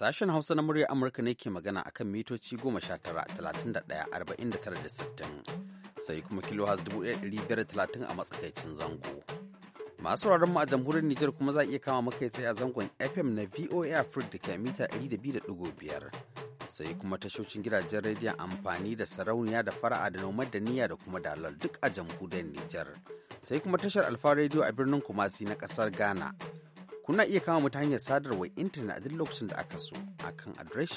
Sashen Hausa na muryar Amurka ne ke magana akan mitoci da tara da sittin sai kuma kilohaz 1530 a matsakaicin zango. Masu mu a jamhuriyar Nijar kuma za a iya kama makai sai a zangon FM na VOA Africa da ke mita biyar sai kuma tashocin gidajen rediyon amfani da sarauniya da fara'a da nomad da niyya da kuma Dalal duk a jamhuriyar Nijar. Sai kuma tashar Alfa rediyo a birnin Kumasi na kasar Ghana. Kuna iya kama mu ta hanyar sadarwar intanet a duk lokacin da aka so a kan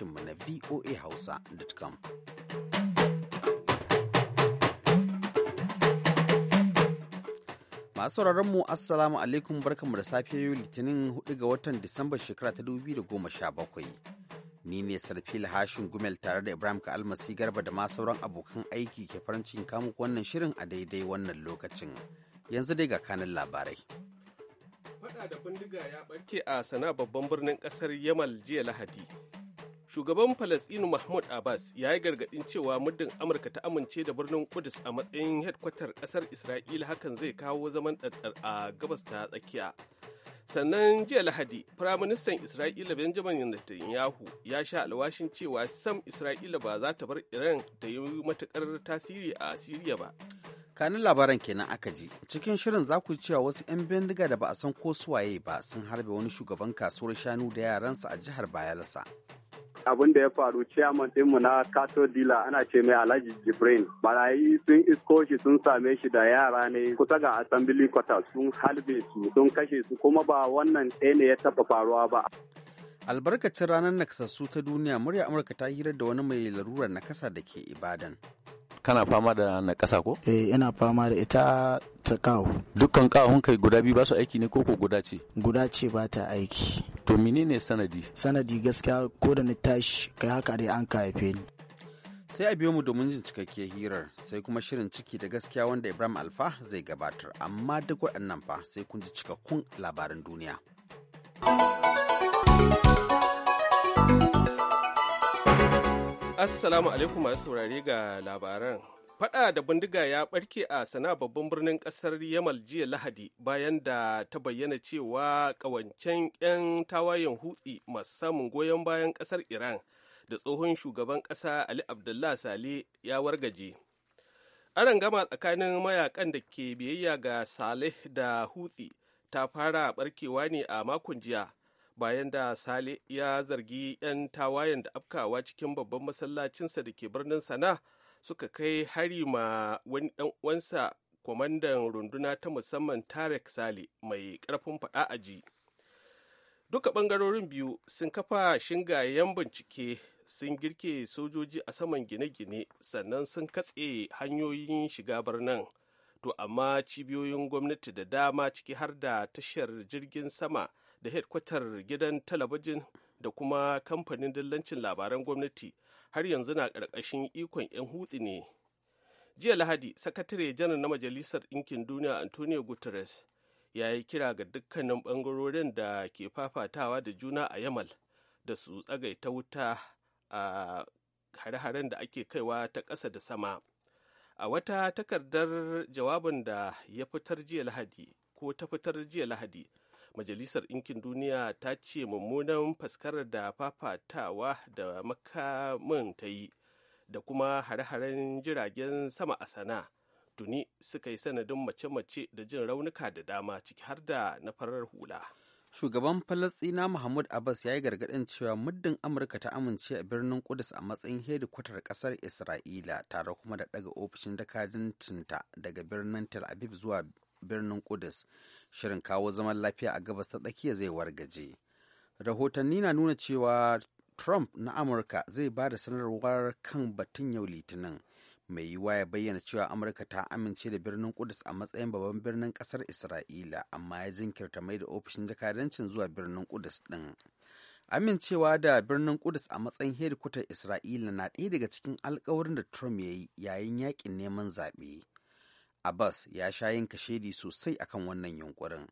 mu na voahausa.com. Masu sauraron mu Assalamu alaikum barkanmu da safe yau Litinin 4 ga watan Disamba shekara ta 2017. Ni ne Sarfi Lahashin Gumel tare da Ibrahim almasi Garba da ma sauran abokan aiki ke farin cikin wannan shirin a daidai wannan lokacin. Yanzu dai ga kanin labarai. Fada da bindiga ya barke a sana babban birnin ƙasar Yamal jiya Lahadi. Shugaban Falasɗinu Mahmud Abbas ya yi gargaɗin cewa muddin Amurka ta amince da birnin Kudus a matsayin hedkwatar ƙasar Isra'ila hakan zai kawo zaman ɗarɗar a gabas ta tsakiya. sannan jiya lahadi firaministan isra'ila benjamin netanyahu ya sha alwashin cewa sam isra'ila ba za ta bar iran ta yi matuƙar tasiri a siriya ba kanin labaran kenan aka ji cikin shirin za ku ji cewa wasu 'yan bindiga da ba a san ko suwaye ba sun harbe wani shugaban kasuwar shanu da yaransa a jihar bayelsa abin da ya faru chairman dinmu na kato dila ana ce mai alhaji jibrin barayi sun isko shi sun same shi da yara ne kusa ga assembly quarter sun halbe su sun kashe su kuma ba wannan ɗaya ne ya taɓa faruwa ba albarkacin ranar nakasassu ta duniya murya amurka ta hirar da wani mai larurar nakasa da ke ibadan kana fama da ƙasa, ko eh ina fama da ita ta kawo dukkan kawon kai guda biyu ba su aiki ne koko guda ce guda ce ba ta aiki to menene sanadi sanadi gaskiya ko da ni tashi kai haka dai an ka haife ni sai a biyo mu domin jin cikakkiyar hirar sai kuma shirin ciki da gaskiya wanda ibrahim alfa zai gabatar amma duk waɗannan fa sai kun ji cikakkun labaran duniya Assalamu alaikum masu saurare ga labaran. Fada da bindiga ya barke a sana babban birnin kasar Yamal jiya Lahadi bayan da ta bayyana cewa kawancen 'yan tawayen hutsi masu samun goyon bayan kasar Iran da tsohon shugaban kasa Ali Abdullah Sale ya wargaje. Aran gama tsakanin mayakan da ke biyayya ga Saleh da hutsi ta fara barkewa ne a makon jiya. bayan da sale ya zargi 'yan tawayen da afkawa cikin babban masallacinsa da ke birnin sana suka kai hari ma wani dan uwansa kwamandan runduna ta musamman tarek sale mai karfin fada a ji duka bangarorin biyu sun kafa shinga yan bincike sun girke sojoji a saman gine-gine sannan sun katse hanyoyin shiga birnin to amma cibiyoyin gwamnati da dama ciki har da tashar jirgin sama da hedkwatar gidan talabijin da kuma kamfanin dillancin labaran gwamnati har yanzu na ƙarƙashin ikon 'yan hutsi ne jiya lahadi sakatare janar na majalisar ɗinkin duniya antonio guterres ya yi kira ga dukkanin ɓangarorin da ke fafatawa da juna a yamal da su tsagaita wuta a hare-haren da ake kaiwa ta ƙasa da sama a wata takardar jawabin da ya fitar jiya lahadi ko ta fitar jiya lahadi majalisar ɗinkin duniya ta ce mummunan faskar da fafatawa da makamin ta yi da kuma hare-haren jiragen sama a sana tuni suka yi sanadin mace-mace da jin raunuka da dama ciki har da na farar hula shugaban falastina mahmud abbas ya yi gargaɗin cewa muddin amurka ta amince a birnin kudus a matsayin hedikwatar ƙasar isra'ila tare kuma da daga ofishin tinta daga birnin tel aviv zuwa birnin kudus shirin kawo zaman lafiya a gabas ta tsakiya zai wargaje rahotanni na nuna cewa trump na amurka zai ba da sanarwar kan batun yau litinin mai yiwuwa ya bayyana cewa amurka ta amince da birnin kudus a matsayin babban birnin kasar isra'ila amma ya jinkirta mai da ofishin jakadancin zuwa birnin kudus din amincewa da birnin kudus a matsayin hedikwatar isra'ila na ɗaya daga cikin alkawarin da trump ya yi yayin yakin neman zaɓe Abbas ya sha yin kashedi sosai akan wannan yunkurin.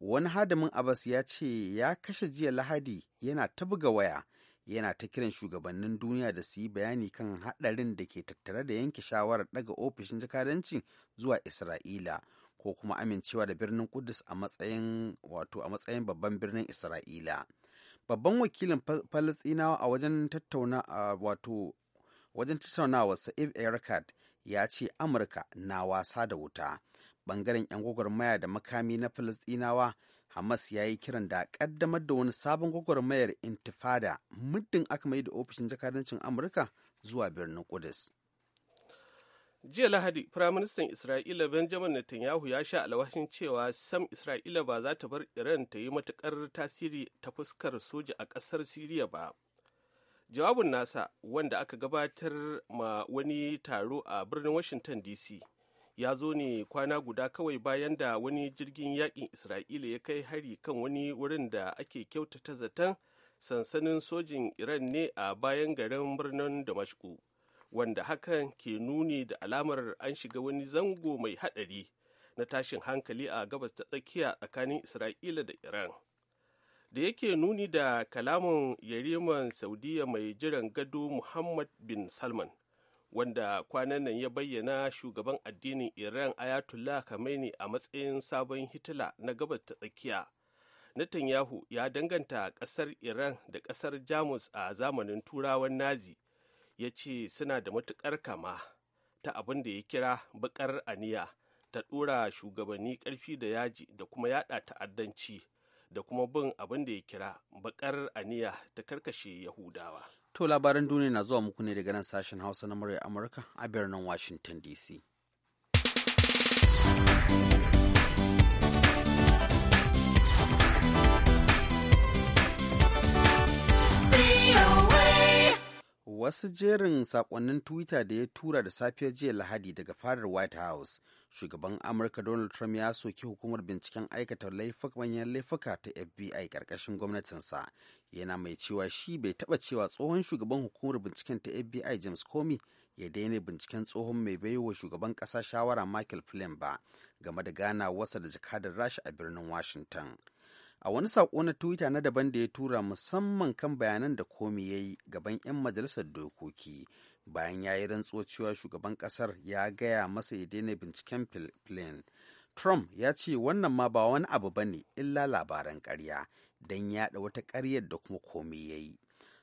Wani hadamin Abbas ya ce ya kashe jiya Lahadi yana ta buga waya, yana ta kiran shugabannin duniya da su yi bayani kan haɗarin da ke tattare da yanke shawarar daga ofishin jakadancin zuwa Isra'ila ko kuma amincewa da birnin Kudus a matsayin wato a matsayin babban birnin Isra'ila. Babban wakilin Falastinawa a wajen tattauna wato wajen tattaunawa Sa'ib ya ce amurka na wasa da wuta bangaren 'yan gwagwarmaya da makami na Falasɗinawa, hamas ya yi kiran da kaddamar da wani sabon gwagwarmayar intifada muddin aka mai da ofishin jakadancin amurka zuwa birnin kudus jiya lahadi firaministan isra'ila benjamin netanyahu ya sha alwashin cewa sam isra'ila ba za ta bar iran ta yi matukar tasiri ta fuskar soja a ƙasar siriya ba jawabin nasa wanda aka gabatar ma wani taro a birnin washington dc ya zo ne kwana guda kawai bayan da wani jirgin yakin isra'ila ya kai hari kan wani wurin da ake kyautata zaton sansanin sojin iran ne a bayan garin birnin damashku wanda hakan ke nuni da alamar an shiga wani zango mai hadari na tashin hankali a gabas ta tsakiya tsakanin isra'ila da iran da yake nuni da kalamin yariman saudiya mai jiran gado muhammad bin salman wanda kwanan nan ya bayyana shugaban addinin iran ayatollah khamenei a matsayin sabon hitila na gabas ta tsakiya netanyahu ya danganta kasar iran da kasar jamus a zamanin turawan nazi ya ce suna da matukar kama ta abin da ya kira bakar aniya ta dora shugabanni ƙarfi da yaji da kuma yada ta'addanci da kuma bin abin da ya kira bakar aniya ta karkashe yahudawa to labaran duniya na zuwa muku ne daga nan sashen hausa na murya amurka a birnin washington dc wasu jerin sakonnin twitter da ya tura da safiyar jiya lahadi daga fadar white house shugaban amurka donald trump ya soki hukumar binciken aikata manyan laifuka ta fbi karkashin gwamnatinsa yana mai cewa shi bai taba cewa tsohon shugaban hukumar binciken ta fbi james comey ya daina binciken tsohon mai baiwa shugaban kasa shawara michael flynn ba game da wasa da jakadar rasha a birnin washington a wani saƙo na twitter na daban da ya tura musamman kan bayanan da komi ya yi gaban 'yan majalisar dokoki bayan ya yi rantsuwa cewa shugaban ƙasar ya gaya masa ya daina binciken flynn trump ya ce wannan ma ba wani abu ba ne illa labaran ƙarya don yaɗa wata ƙaryar da kuma komi ya yi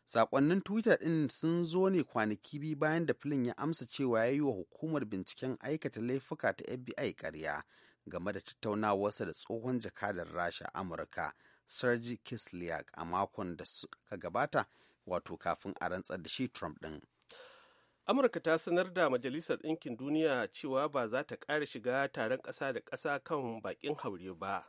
sakonnin twitter ɗin sun zo ne kwanaki biyu bayan da filin ya amsa cewa ya yi wa hukumar binciken aikata laifuka ta fbi karya game da tattaunawarsa da tsohon jakadar rasha amurka sergi kislyak a makon da suka gabata wato kafin a rantsar da shi trump din. amurka ta sanar da majalisar ɗinkin duniya cewa ba za ta ƙara shiga taron ƙasa da ƙasa kan baƙin haure ba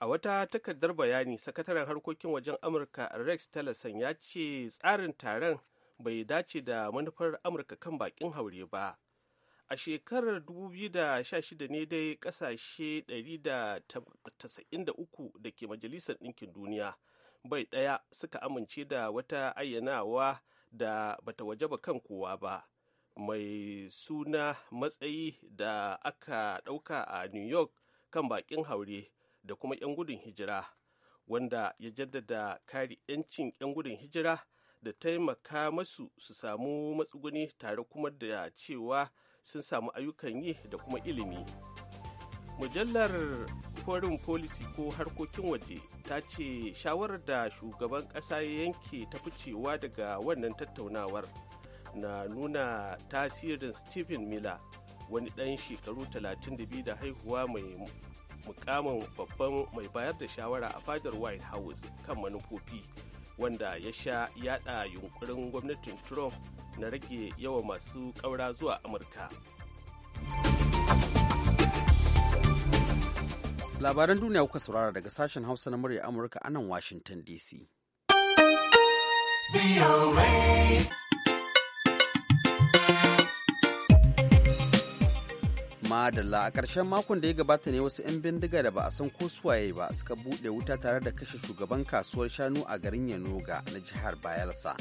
a wata takardar bayani sakataren harkokin wajen amurka rex tillerson ya ce tsarin taron bai dace da manufar amurka kan baƙin haure ba a shekarar 2016 ne dai kasashe 193 da ke majalisar ɗinkin duniya bai ɗaya suka amince da wata ayyanawa da bata waje ba kan kowa ba mai suna matsayi da aka ɗauka a new york kan baƙin haure da kuma 'yan gudun hijira wanda ya jaddada kari 'yancin 'yan gudun hijira da taimaka masu su samu matsuguni tare kuma da cewa sun samu ayyukan yi da kuma ilimi mujallar foreign policy ko harkokin waje ta ce shawarar da shugaban ƙasa ya yanke ta ficewa daga wannan tattaunawar na nuna tasirin stephen miller wani ɗan shekaru 32 da haihuwa mai mukamin babban mai bayar da shawara a fadar white house kan manufofi wanda ya sha yada yunkurin gwamnatin trump na rage yawa masu kaura zuwa amurka labaran duniya kuka saurara daga sashen hausa na murya amurka anan washington dc madalla a ƙarshen makon da ya gabata ne wasu 'yan bindiga da ba a san ko suwaye ba suka buɗe wuta tare da kashe shugaban kasuwar shanu a garin yanoga na jihar bayelsa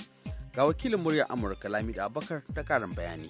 Ga wakilin muryar Amurka Lamida Abakar da karin bayani.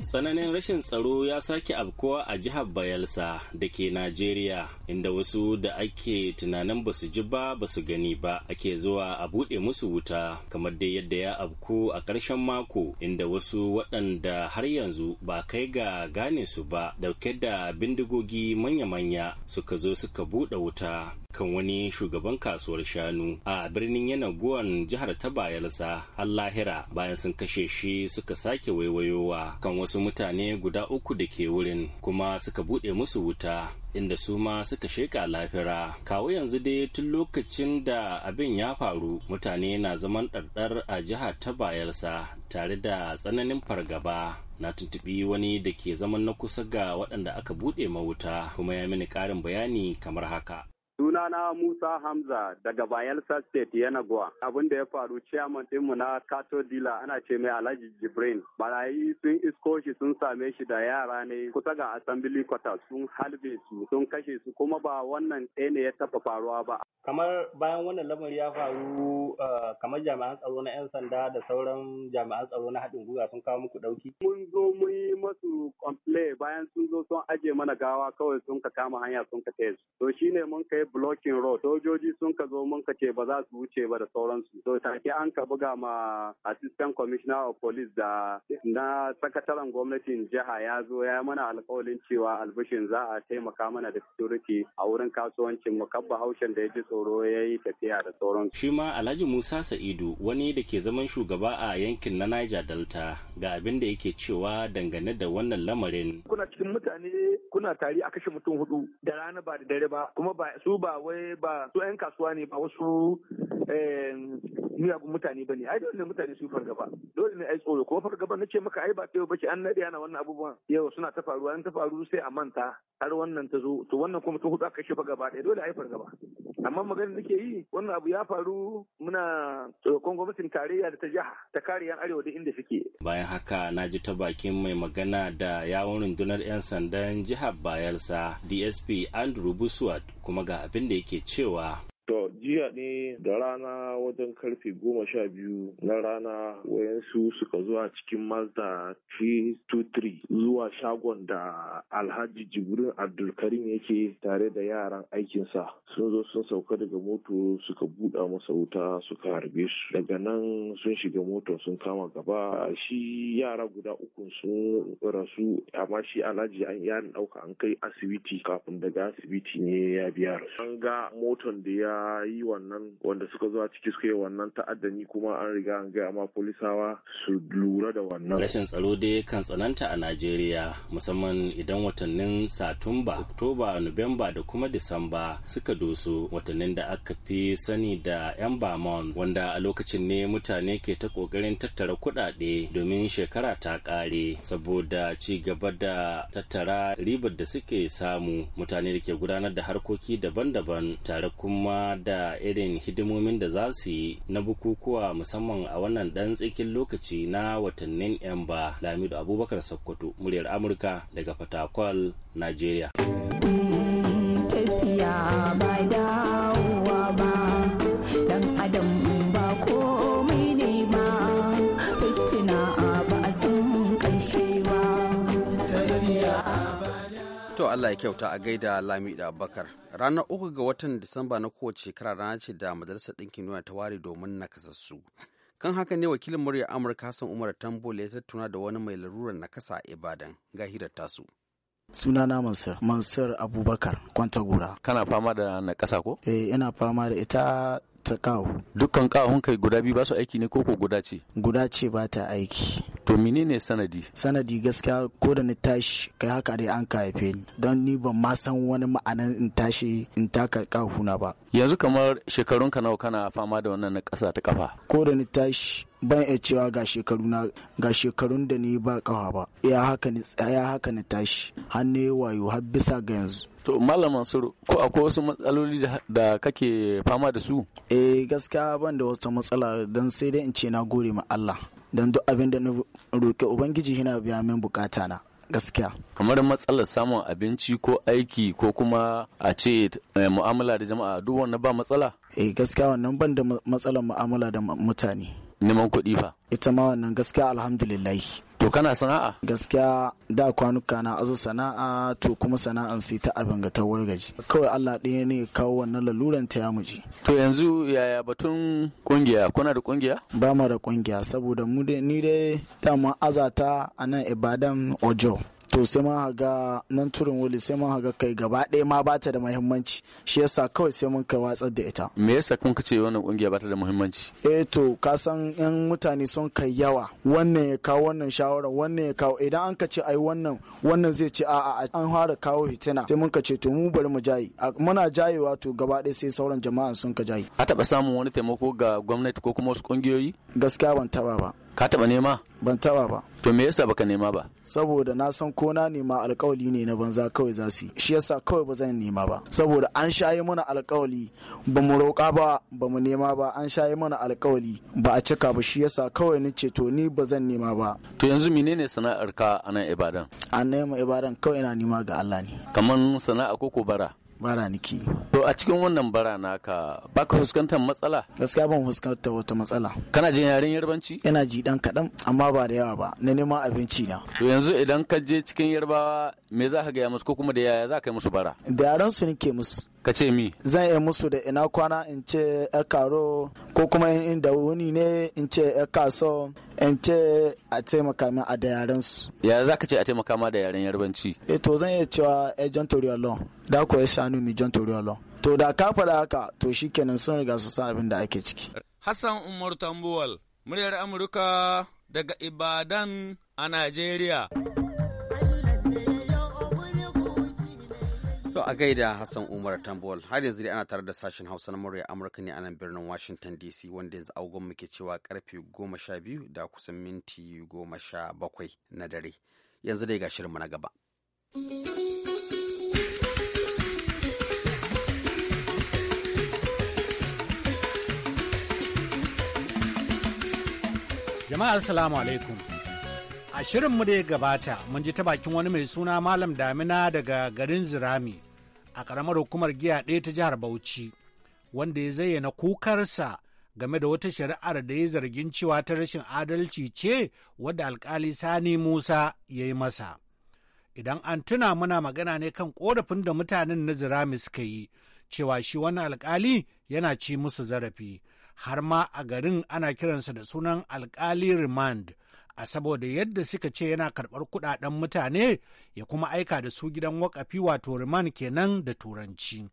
Sananin rashin tsaro ya sake afkuwa a jihar Bayelsa da ke Najeriya, inda wasu da ake tunanin ba su ji ba ba su gani ba ake zuwa a buɗe musu wuta kamar dai yadda ya afku a ƙarshen mako inda wasu waɗanda har yanzu ba kai ga gane su ba dauke da bindigogi manya-manya suka zo suka buɗe wuta kan wani shugaban kasuwar shanu a birnin yanaguwan jihar ta bayelsa har lahira bayan sun kashe shi suka sake waiwayowa kan wasu mutane guda uku da ke wurin kuma suka buɗe musu wuta inda su ma suka sheka lafira kawo yanzu dai tun lokacin da abin ya faru mutane na zaman ɗarɗar a jihar ta bayelsa tare da tsananin fargaba na tuntubi wani da ke zaman na kusa ga waɗanda aka buɗe mawuta kuma ya mini ƙarin bayani kamar haka Sunana Musa Hamza daga Bayelsa State Yanagwa. Abin da ya faru chairman ɗinmu na Kato Dila ana ce mai Alhaji Jibrin. Barayi sun isko shi sun same shi da yara ne kusa ga Assembly Quarter sun halbe su sun kashe su kuma ba wannan ɗaya ne ya taɓa faruwa ba. Kamar bayan wannan lamari ya faru uh, kamar jami'an tsaro na 'yan sanda da sauran jami'an tsaro na haɗin gwiwa sun kawo muku ɗauki. Mun zo mun yi masu complain bayan sun zo sun aje mana gawa kawai sun ka kama hanya sun ka taya su. To shine mun kai blocking road sojoji sun ka zo mun ka ce ba za su wuce ba da sauransu to take an ka buga ma assistant commissioner of police da na sakataren gwamnatin jiha ya zo ya mana alkawalin cewa albishin za a taimaka mana da security a wurin kasuwancin mu kabba haushen da ya ji tsoro ya yi tafiya da sauransu. shi ma alhaji musa sa'idu wani da ke zaman shugaba a yankin na niger delta ga abin da yake cewa dangane da wannan lamarin. kuna cikin mutane kuna tari a kashe mutum hudu da rana ba da dare ba kuma ba su ba wai ba su 'yan kasuwa ne ba wasu eh, miyagun mutane ba ne ai dole ne mutane su fargaba dole ne ai tsoro kuma fargaba na ce maka ai ba ba bace an nade ana wannan abubuwan yau suna ta faruwa an ta faru sai a manta har wannan ta zo to wannan kuma mutum hudu aka kashe gaba ɗaya dole ai fargaba amma magana nake yi wannan abu ya faru muna tsokon gwamnatin tarayya da ta jiha ta kare yan arewa da inda suke bayan haka na ji ta bakin mai magana da yawon rundunar 'yan sandan jiha jihar bayelsa dsp andrew buswat kuma ga abin da yake cewa To jiya ne da rana wajen karfe goma sha biyu na rana wayansu suka zuwa cikin Mazda 323 zuwa shagon da Alhaji Jibrin Abdulkarim yake tare da yaran aikinsa. Sun zo sun sauka daga moto suka buɗa masa wuta suka harbe su. Daga nan sun shiga moto sun kama gaba shi yara guda uku sun rasu amma shi Alhaji an yarin ɗauka an kai asibiti kafin daga asibiti ne ya biya. An ga moton da ya ya yi wannan wanda suka zo a ciki suka yi wannan ta'addani kuma an riga an gaya ma polisawa su lura da wannan. Rashin tsaro dai kan tsananta a Najeriya musamman idan watannin Satumba, Oktoba, Nuwamba da kuma Disamba suka doso watannin da aka fi sani da 'yan Bamon wanda a lokacin ne mutane ke ta kokarin tattara kuɗaɗe domin shekara ta ƙare saboda ci gaba da tattara ribar da suke samu mutane da ke gudanar da harkoki daban-daban tare kuma da irin hidimomin da za su yi na bukukuwa musamman a wannan ɗan tsakin lokaci na watannin ba lamidu abubakar sakkwato muryar amurka daga fatakwal nigeria tafiya Allah ya kyauta a gaida Lamida Abubakar. Ranar uku ga watan Disamba na kowace shekara rana ce da Majalisar Ɗinkin Duniya ta ware domin nakasassu. Kan haka ne wakilin murya Amurka Hassan Umar Tambola ya tattuna da wani mai larurar nakasa a Ibadan ga hirar tasu. sunana mansur mansur abubakar kwantagura kana fama da nakasa ko eh ina fama da ita ta kahu dukkan kahun kai guda biyu ba su aiki ne koko guda ce guda ce ba ta aiki to menene sanadi sanadi gaskiya ko da ni tashi kai haka dai an ka haife ni don ni ban ma san wani ma'anan in tashi in taka kahuna ba yanzu kamar shekarun ka nawa kana fama da wannan na ƙasa ta kafa ko da ni tashi ban iya cewa ga shekaru na ga shekarun da ni ba kawa ba ya haka ni tsaya haka ni tashi hannu ya wayo har bisa ga yanzu to malam mansur ko akwai wasu matsaloli da kake fama da su eh gaskiya ban da wata matsala dan sai dai in ce na gode ma Allah dan duk abin da na roƙi ubangiji yana biya min bukata na gaskiya kamar matsalar samun abinci ko aiki ko kuma a ce eh, mu'amala da jama'a duk wannan ba matsala eh gaskiya wannan ban da matsalar mu'amala da mutane neman kuɗi ba ita ma wannan gaskiya alhamdulillah to kana sana'a gaskiya da kwanuka na azo sana'a to kuma sana'an sai ta abin ga ta wargaji kawai Allah ɗaya ne kawo wannan laluran ta ya muji to yanzu yaya batun kungiya kuna da kungiya ba mu da kungiya saboda mu ni dai dama azata a nan Ibadan Ojo to sai ma haga nan turin wuli sai ma haga kai gaba ɗaya ma bata da muhimmanci shi yasa kawai sai mun kai watsar da ita me yasa kun kace wannan kungiya bata da muhimmanci eh to ka san yan mutane sun kai yawa wannan ya kawo wannan shawara wannan ya kawo idan an ka ce ai wannan wannan zai ce a'a an fara kawo hitina sai mun ka ce to mu bari mu jayi muna jayewa to gaba ɗaya sai sauran jama'an sun ka jayi a taɓa samun wani taimako ga gwamnati ko kuma wasu kungiyoyi gaskiya ban taɓa ba ka taba nema ban taba ba to me yasa baka nema ba saboda na san ko na nema alkawali ne na banza kawai za su shi yasa kawai ba zan nema ba saboda an shaye mana alkawali ba mu roƙa ba ba mu nema ba an shaye mana alkawali ba a cika ba shi yasa kawai ni ce to ni ba zan nema ba to yanzu menene sana'ar ka a nan ibadan an nema ibadan kawai ina nema ga Allah ne Kamar sana'a ko ko bara bara niki. To a cikin wannan bara naka baka fuskantar matsala? Gaskiya ban fuskantar wata matsala. Kana jin yaren yarbanci? Ina ji dan kaɗan amma ba da yawa ba na neman abinci na. To yanzu idan ka je cikin yarbawa me za ka gaya musu ko kuma da yaya za ka yi musu bara? Da yaran su nake musu. ka ce mi zan yi musu da ina kwana in ce karo ko kuma in wuni ne in ce ya kaso in ce a taimaka min a da yaren su ya za ka ce a taimaka ma da yaren yarbanci e to zan iya cewa jan john toriolo da ko ya shanu mi john toriolo to da ka faɗa haka to shi kenan sun riga su san abin da ake ciki hassan umar tambuwal muryar amurka daga ibadan a najeriya a gaida Hassan Umar Tambol har yanzu dai ana tare da sashen Hausa na murya Amurka ne a nan birnin Washington DC wanda yanzu agogon muke cewa karfe goma sha biyu da kusan minti goma sha bakwai na dare. Yanzu dai ga shirinmu na gaba. Jama'a Assalamu alaikum. A shirinmu da ya gabata mun ji ta bakin wani mai suna Malam Damina daga garin Zirami. a karamar hukumar giya ɗaya ta jihar Bauchi, wanda ya zayyana kukarsa game da wata shari'ar da ya zargin cewa ta rashin adalci ce wadda alkali Sani Musa ya yi masa. Idan an tuna muna magana ne kan ƙorafin da mutanen na zirami suka yi, cewa shi wani alkali yana ci musu zarafi, har ma a garin ana kiransa da sunan alkali remand a saboda yadda suka ce yana karɓar kuɗaɗen mutane ya kuma aika da su gidan wakafi wato riman kenan da turanci.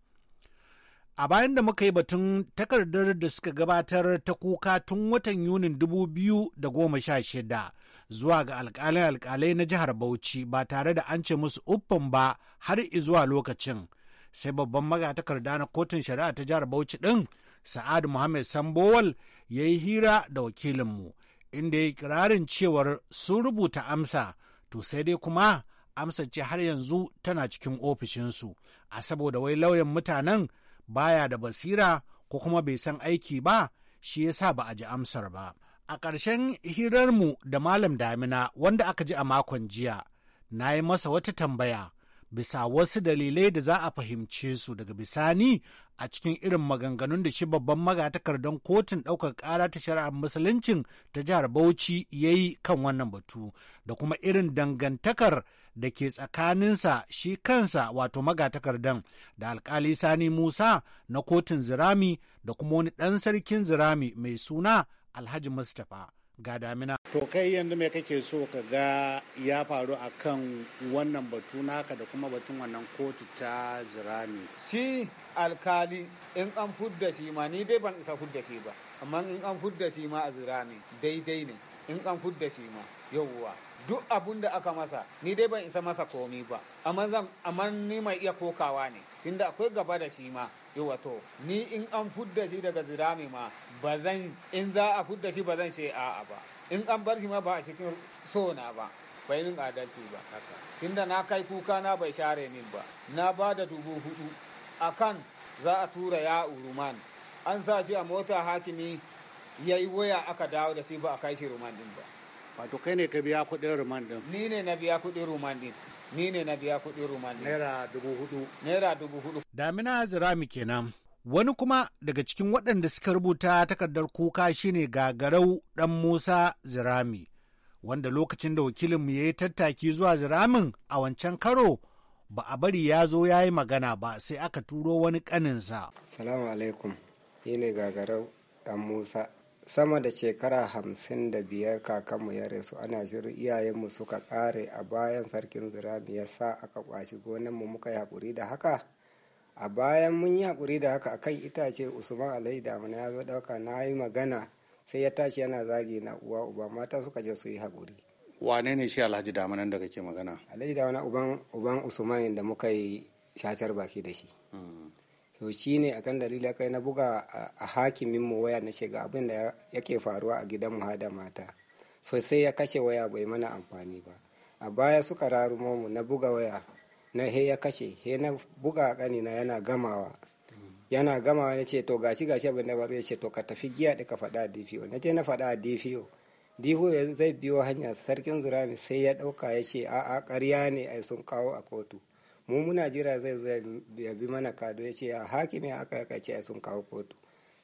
A bayan da muka yi batun takardar da suka gabatar ta kuka tun watan Yunin 2016 zuwa ga alkalin alkalai na jihar Bauchi ba tare da an ce musu uffin ba har zuwa lokacin. Sai babban magatakarda na kotun shari'a ta jihar Bauchi ɗin, Sa'ad Muhammad Sambowal ya yi hira da wakilinmu. inda ya yi kirarin cewar sun rubuta amsa to sai dai kuma amsar ce har yanzu tana cikin ofishinsu a saboda wai lauyan mutanen baya da basira ko kuma bai san aiki ba shi ya sa ba a ji amsar ba a ƙarshen hirarmu da malam damina wanda aka ji a makon jiya na yi masa wata tambaya bisa wasu dalilai da za a fahimce su daga bisani a cikin irin maganganun da shi babban magatakardan kotun ɗaukar ƙara ta shari'ar musuluncin ta jihar Bauchi ya yi kan wannan batu da kuma irin dangantakar da ke tsakaninsa shi kansa wato magatakardan da alkali Sani Musa na kotun zirami da kuma wani ɗan sarkin zirami mai suna Alhaji Mustapha. ga damina. To kai yanzu me kake so ka ga ya faru a kan wannan batu naka da kuma batun wannan kotu ta zirami. Shi alkali in an fudda shi ma ni dai ban isa fudda shi ba amma in an fudda shi ma a zirami daidai ne in an fudda shi ma yauwa duk abun da aka masa ni dai ban isa masa komi ba amma ni mai iya kokawa ne tunda akwai gaba da shi ma yawa to ni in an fudda shi daga zirami ma ba zan in za a fudda shi ba zan ce a'a ba in an bar shi ma ba a cikin so na ba bai min adalci ba tunda na kai kuka na bai share min ba na ba da dubu hudu kan za a tura ya uruman an sa shi a mota hakimi ya yi waya aka dawo da shi ba a kai shi ruman din ba wato kai ne ka biya kuɗin ruman din ni ne na biya kuɗin ruman din ni ne na biya kuɗin rumal naira dubu hudu naira dubu hudu damina zirami kenan wani kuma daga cikin waɗanda suka rubuta takardar kuka shine gagarau ɗan musa zirami wanda lokacin da wakilinmu ya yi tattaki zuwa ziramin a wancan karo ba a bari ya zo ya yi magana ba sai aka turo wani kaninsa. salamu alaikum ne gagarau ɗan musa sama da shekara hamsin da biyar kakanmu ya rasu ana shirin iyayenmu suka kare a bayan sarkin zirami ya sa aka kwashi gonanmu muka yi haƙuri da haka a bayan mun yi haƙuri da haka akan itace usman alhaji damina ya zo ɗauka na yi magana sai ya tashi yana zagi na uwa uba mata suka je su yi haƙuri wane ne shi alhaji damunan da kake magana alhaji damuna uban usman da muka yi shatar baki da shi hmm. to shine akan dalili kai na buga a hakimin mu waya na shiga abin da yake faruwa a gidan mu hada mata sosai ya kashe waya bai mana amfani ba a baya suka rarumo mu na buga waya na he ya kashe he na buga kanina yana gamawa yana gamawa ya ce to gashi gashi abin da faru ya ce to ka tafi giya da ka faɗa a na ce na faɗa a difiyo dpo zai biyo hanya sarkin zirami sai ya ɗauka ya ce a'a ƙarya ne ai sun kawo a kotu mu muna jira zai zo ya bi mana kado ya ce a hakimi aka aka ce sun kawo kotu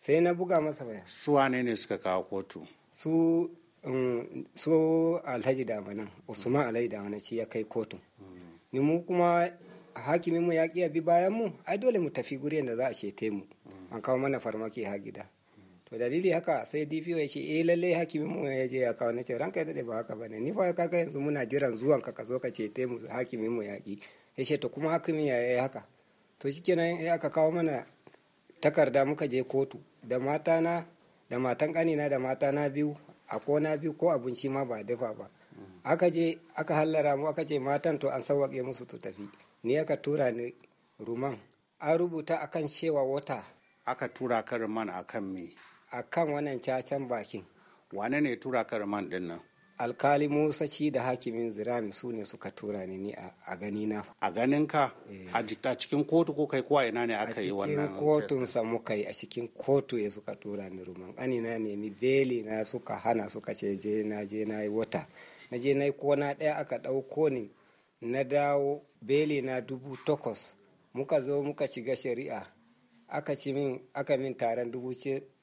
sai na buga masa baya su wane ne suka kawo kotu su um, su alhaji damanan usman alhaji damanan shi ya kai kotu ni mu kuma hakimin mu ya ki bi bayan mu ai dole mu tafi guri da za a shete mu an kawo mana farmaki ha gida to dalili haka sai DPO ya ce eh lalle hakimin mu ya je ya kawo nace ranka dade ba haka bane ni fa kaga yanzu muna jiran zuwan ka ka zo ka cete mu hakimin mu yaki ya ce to kuma hakimi ya yi haka to shikenan ya aka kawo mana takarda muka je kotu da matana da matan kanina da matana biyu a kona biyu ko abinci ma ba dafa ba aka je aka hallara mu aka ce matan to an sawwaƙe musu to tafi ni aka tura ni ruman an rubuta akan cewa wata aka tura ka ruman akan me akan wannan cacan bakin wane ne tura ka ruman din nan alkali musa ci da hakimin zirami su ne suka tura ni ni a gani na a ganin ka eh. a cikin kotu ko kai kuwa ina ne aka yi wannan kotun sa muka yi a cikin kotu ya suka tura ni ruman ani na nemi beli na suka hana suka ce je na je na yi wata na je na yi kona ɗaya aka ɗauko ni na dawo beli na dubu takwas muka zo muka shiga shari'a aka ci min aka min taron dubu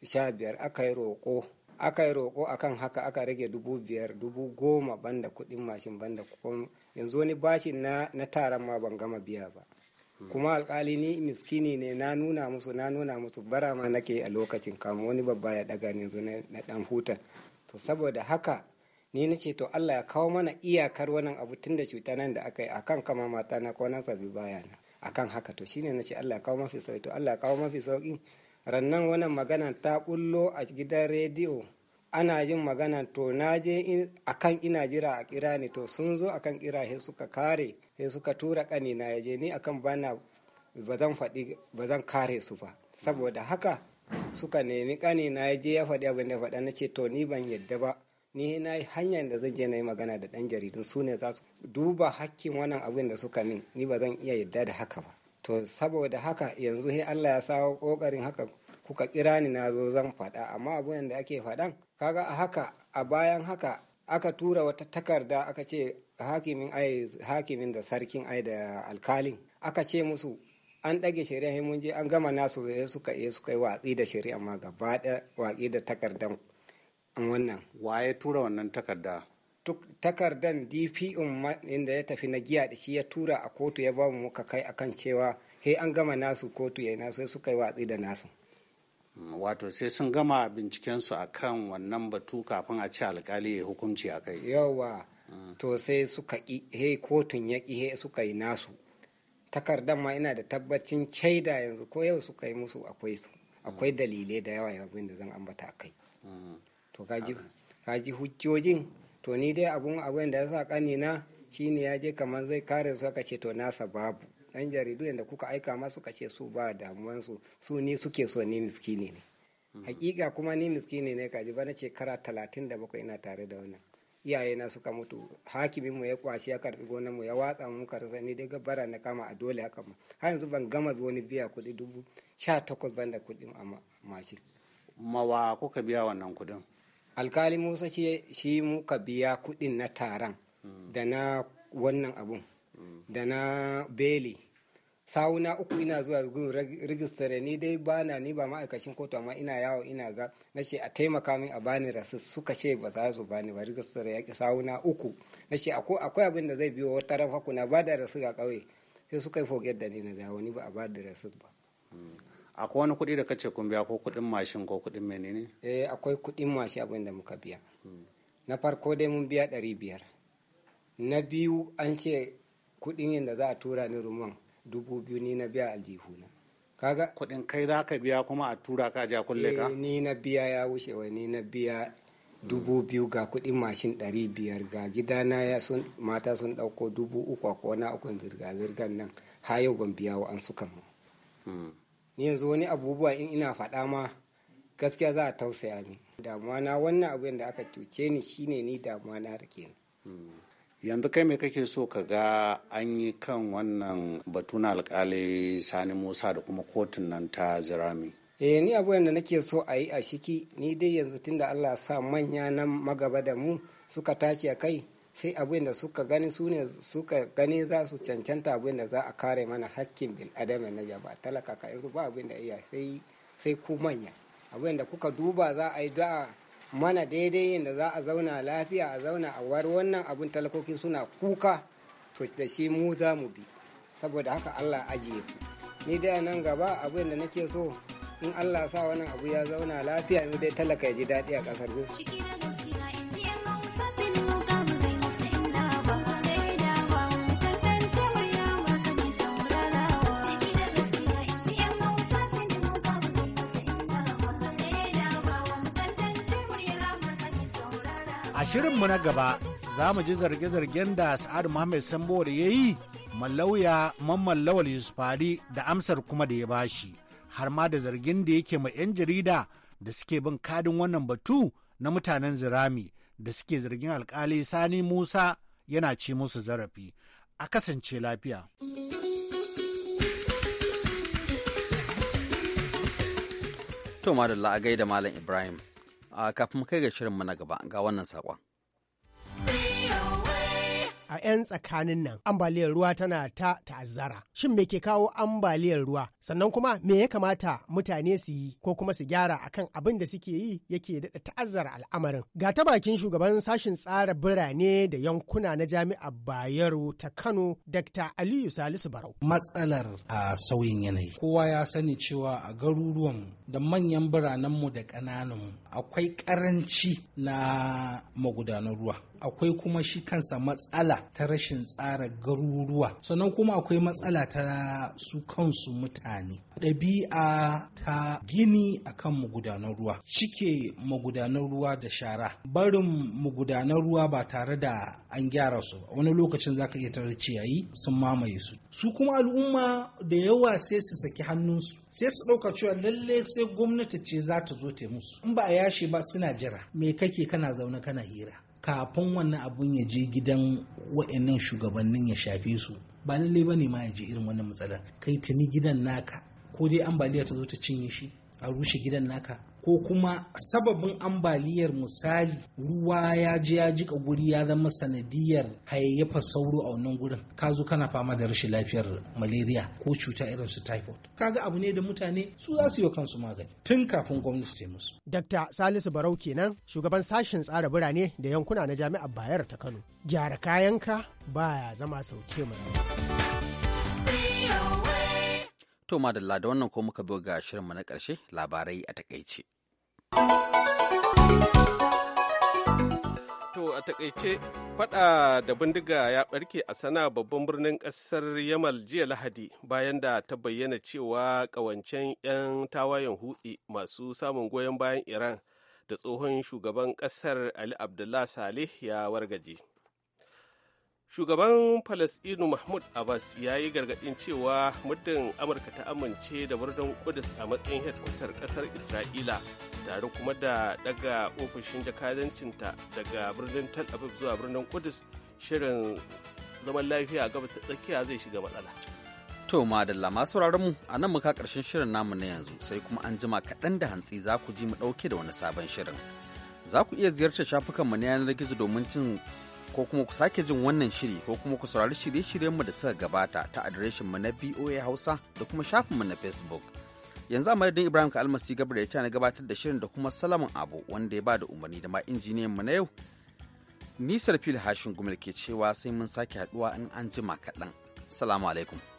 sha biyar aka yi roƙo aka yi roƙo akan haka aka rage dubu biyar dubu goma banda kuɗin mashin banda yanzu wani bashi na, na taron ma ban gama biya ba kuma Alƙali ni miskini ne na nuna musu na nuna musu bara ma nake a lokacin kama wani babba ya daga ne yanzu na dan huta to saboda haka ni na ce to Allah ya kawo mana iyakar wannan abu tun da cuta nan da aka yi akan kama mata na na sabi baya na akan haka to shine na ce Allah ya kawo mafi sauki to Allah ya kawo mafi sauki rannan wannan magana ta bullo a gidan rediyo ana yin magana to na je a kan ina jira a kira ne to sun zo akan kira he suka kare he suka tura kani na yaje ni a kan bana bazan faɗi bazan kare su ba saboda haka suka nemi kani na yaje ya faɗi abin da faɗa na ce to ni ban yadda ba ni na yi hanyar da zan je na yi magana da ɗan jaridun su ne za su duba hakkin wannan abin da suka min ni ba zan iya yadda da haka ba to saboda haka yanzu sai Allah ya sawo kokarin haka kuka kira ni na zo zan faɗa amma abun da ake faɗan kaga a haka a bayan haka aka tura wata takarda aka ce hakimin ai hakimin da sarkin ai da alkalin aka ce musu an ɗage shari'a mun je an gama nasu sai suka yi suka yi watsi da shari'a amma gaba da watsi da takardan wannan waye tura wannan takarda takardan dpn da ya tafi na giya da shi ya tura a kotu ya ba mu muka kai akan cewa he an gama nasu kotu ya nasu suka yi watsi da nasu mm, wato sai sun gama bincikensu a kan wannan batu kafin a ci alkali ya hukunci a kai yawa mm. to sai suka he kotun ya ki he suka yi nasu takardan ma ina da tabbacin shaida yanzu ko yau suka yi musu akwai su akwai mm. dalilai da yawa yanzu da zan ambata a kai to kaji hujjojin to ni dai abun abin da ya sa kanina shine ya je kamar zai kare su aka ce to nasa babu dan jaridu da kuka aika masu ka ce su ba damuwan su ni suke so ni miskini ne mhm. hakika kuma ni miskini ne kaji bana shekara talatin da bakwai ina tare da wannan iyayena suka mutu hakimin mu ya kwashi ya karbi gonar mu ya watsa mu karsa ni dai gabara na kama a dole haka ma har yanzu ban gama wani biya kuɗi dubu sha takwas ban da kuɗin a mashin. mawa kuka biya wannan kuɗin alkali musa shi muka biya kudin na taron da na wannan abun da na beli sawuna uku ina zuwa gun rigistare ni dai ba na ni ba ma'aikacin kotu amma ina yawo ina ga na ce a taimaka min a bani rasu suka ce ba za su bani ba rigistare ya ki sawuna uku na ce akwai abin da zai biyo wata rafa kuna ba da rasu ga kauye sai suka yi foget da ni na dawo ni ba a ba da rasu ba akwai wani kuɗi da kace kun biya ko kuɗin mashin ko kuɗin menene eh akwai kuɗin mashin abin da muka biya na farko dai mun biya ɗari biyar na biyu an ce kuɗin yadda za a tura ni rumon dubu biyu ni na biya na kaga kuɗin kai za ka biya kuma a tura ka ja kulle ka eh, ni na biya ya wuce wai ni na biya dubu biyu ga kuɗin mashin ɗari biyar ga gidana ya sun mata sun ɗauko dubu uku a kona ukun zirga-zirgan nan har yau ban biya wa an suka mu hmm. ni yanzu wani abubuwa in ina faɗa ma gaskiya za a tausaya min damuwa na wannan abu da aka cuce ni shine ni damuwa na da kenan hmm. yanzu kai mai kake so ka ga an yi kan wannan batu na alkali sani musa da kuma kotun nan ta zirami eh ni abu da nake so a yi a shiki ni dai yanzu tunda allah sa manya nan magaba da mu suka tashi a kai sai abin da suka gani su ne suka gani za su cancanta abin da za a kare mana hakkin bil adama na jaba talaka ka yanzu ba abin da iya sai sai ku manya abin da kuka duba za a yi da mana daidai yin da za a zauna lafiya a zauna a war wannan abin talakoki suna kuka to da shi mu za mu bi saboda haka Allah ajiye ku ni da nan gaba abin da nake so in Allah sa wannan abu ya zauna lafiya in dai talaka ya ji daɗi a kasar ciki da gaskiya A shirinmu na gaba za mu ji zarge-zargen da sa'adu Muhammad Sambo da ya yi mallauya mamman Lawal Yusufari da amsar kuma da ya bashi, har ma da zargin da yake ma 'yan jarida da suke bin kadin wannan batu na mutanen zirami da suke zargin alkali Sani Musa yana ci musu zarafi. A kasance lafiya. To madalla a gaida Malam Ibrahim. kafin mu kai ga shirinmu na gaba ga wannan saƙon. a 'yan tsakanin nan ambaliyar ruwa tana ta ta'azzara. Shin me ke kawo ambaliyar ruwa? Sannan kuma me ya kamata mutane su yi ko kuma su gyara akan abin da suke yi yake daɗa ta'azzara al'amarin. Ga ta bakin shugaban sashen tsara birane da yankuna na Jami'a Bayero ta Kano, Dr. Aliyu Salisu Barau. Matsalar a sauyin yanayi. Kowa ya sani cewa a garuruwan da manyan biranenmu da ƙanananmu akwai ƙaranci na magudanan ruwa. akwai kuma shi kansa matsala ta rashin tsara garuruwa sannan kuma akwai matsala ta su kansu mutane ɗabi'a ta gini akan magudanan ruwa cike magudanan ruwa da shara barin magudanar ruwa ba tare da an gyara su wani lokacin za ka iya tare ciyayi sun mamaye su su kuma al'umma da yawa sai su saki hannunsu sai su ɗauka cewa lalle sai gwamnati ce za ta zo ta musu in ba a yashe ba suna jira me kake kana zaune kana hira kafin wannan abun ya je gidan wa'annan shugabannin ya shafe su ba lalle ba ne ma ya je irin wannan matsalar kai tuni gidan naka ko dai ambaliya ta zo ta cinye shi a rushe gidan naka ko kuma sababin ambaliyar misali ruwa ya je ya jika guri ya zama sanadiyar hayayyafa sauro a wannan gurin ka zo kana fama da rashin lafiyar malaria ko cuta irin su typhoid kaga abu ne da mutane su za su yi kansu magani tun kafin gwamnati ta musu Dr. Salisu Barau kenan shugaban sashen tsara birane da yankuna na jami'ar Bayar ta Kano gyara kayanka baya zama sauke mana To madalla da wannan ko muka zo ga shirinmu na ƙarshe labarai a takaice. To a takaice fada da bindiga ya barke a sana babban birnin kasar Yamal jiya Lahadi bayan da ta bayyana cewa kawancen 'yan tawayen hutsi masu samun goyon bayan Iran da tsohon shugaban kasar Ali Abdullah Saleh ya wargaje. Shugaban Falasɗinu Mahmud Abbas ya yi gargaɗin cewa muddin Amurka ta amince da birnin Kudus a matsayin hedkwatar ƙasar Isra'ila tare kuma da daga ofishin jakadancinta daga birnin tel aviv zuwa birnin kudus shirin zaman lafiya gaba ta tsakiya zai shiga matsala to madalla masu mu a nan muka karshen shirin namu na yanzu sai kuma an jima kaɗan da hantsi za ku ji mu ɗauke da wani sabon shirin za ku iya ziyartar shafukanmu na yanar gizo domin cin ko kuma ku sake jin wannan shiri ko kuma ku saurari shirye-shiryenmu da suka gabata ta adireshinmu na voa hausa da kuma shafinmu na facebook yanzu a madadin ibrahim ka almasi gabar ya na gabatar da shirin da kuma salamun abu wanda ya ba da umarni da ma injiniyan mu na yau nisar fil hashin gumil ke cewa sai mun sake haduwa in an jima kaɗan salamu alaikum